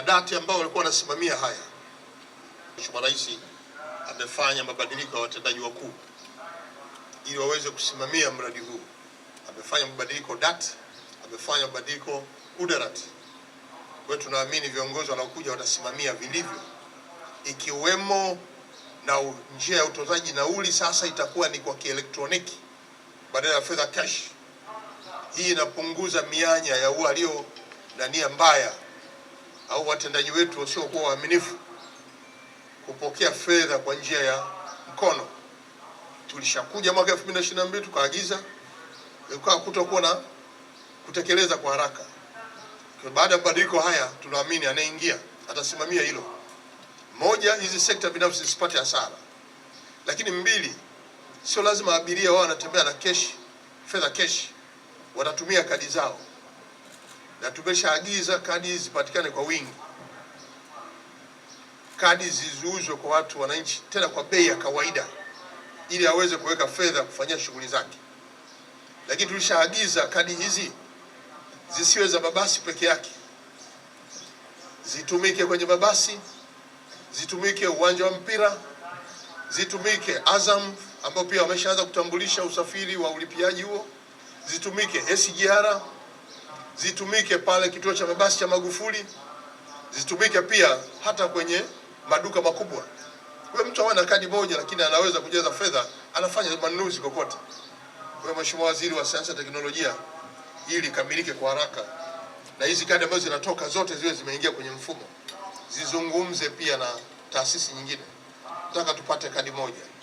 na dati ambao walikuwa wanasimamia haya. Mheshimiwa Rais amefanya mabadiliko ya watendaji wakuu ili waweze kusimamia mradi huu. Amefanya mabadiliko DAT, amefanya mabadiliko udarati. Kwa hiyo tunaamini viongozi wanaokuja watasimamia vilivyo, ikiwemo na njia ya utozaji nauli sasa itakuwa ni kwa kielektroniki badala ya fedha cash. Hii inapunguza mianya ya walio na nia mbaya au watendaji wetu wasiokuwa waaminifu kupokea fedha kwa njia ya mkono. Tulishakuja mwaka 2022 tukaagiza, ukawa kutokuwa na kutekeleza kwa haraka. Baada ya mabadiliko haya, tunaamini anayeingia atasimamia hilo. Moja, hizi sekta binafsi zisipate hasara, lakini mbili, sio lazima abiria wao wanatembea na keshi, fedha keshi, watatumia kadi zao na tumeshaagiza kadi zipatikane kwa wingi, kadi ziziuzwe kwa watu wananchi, tena kwa bei ya kawaida, ili aweze kuweka fedha kufanyia shughuli zake. Lakini tulishaagiza kadi hizi zisiwe za mabasi peke yake, zitumike kwenye mabasi, zitumike uwanja wa mpira, zitumike Azam ambao pia wameshaanza kutambulisha usafiri wa ulipiaji huo, zitumike SGR zitumike pale kituo cha mabasi cha Magufuli, zitumike pia hata kwenye maduka makubwa. Kwa mtu awe na kadi moja, lakini anaweza kujaza fedha, anafanya manunuzi kokote. Kwa Mheshimiwa Waziri wa Sayansi na Teknolojia, ili kamilike kwa haraka, na hizi kadi ambazo zinatoka zote ziwe zimeingia kwenye mfumo, zizungumze pia na taasisi nyingine, nataka tupate kadi moja.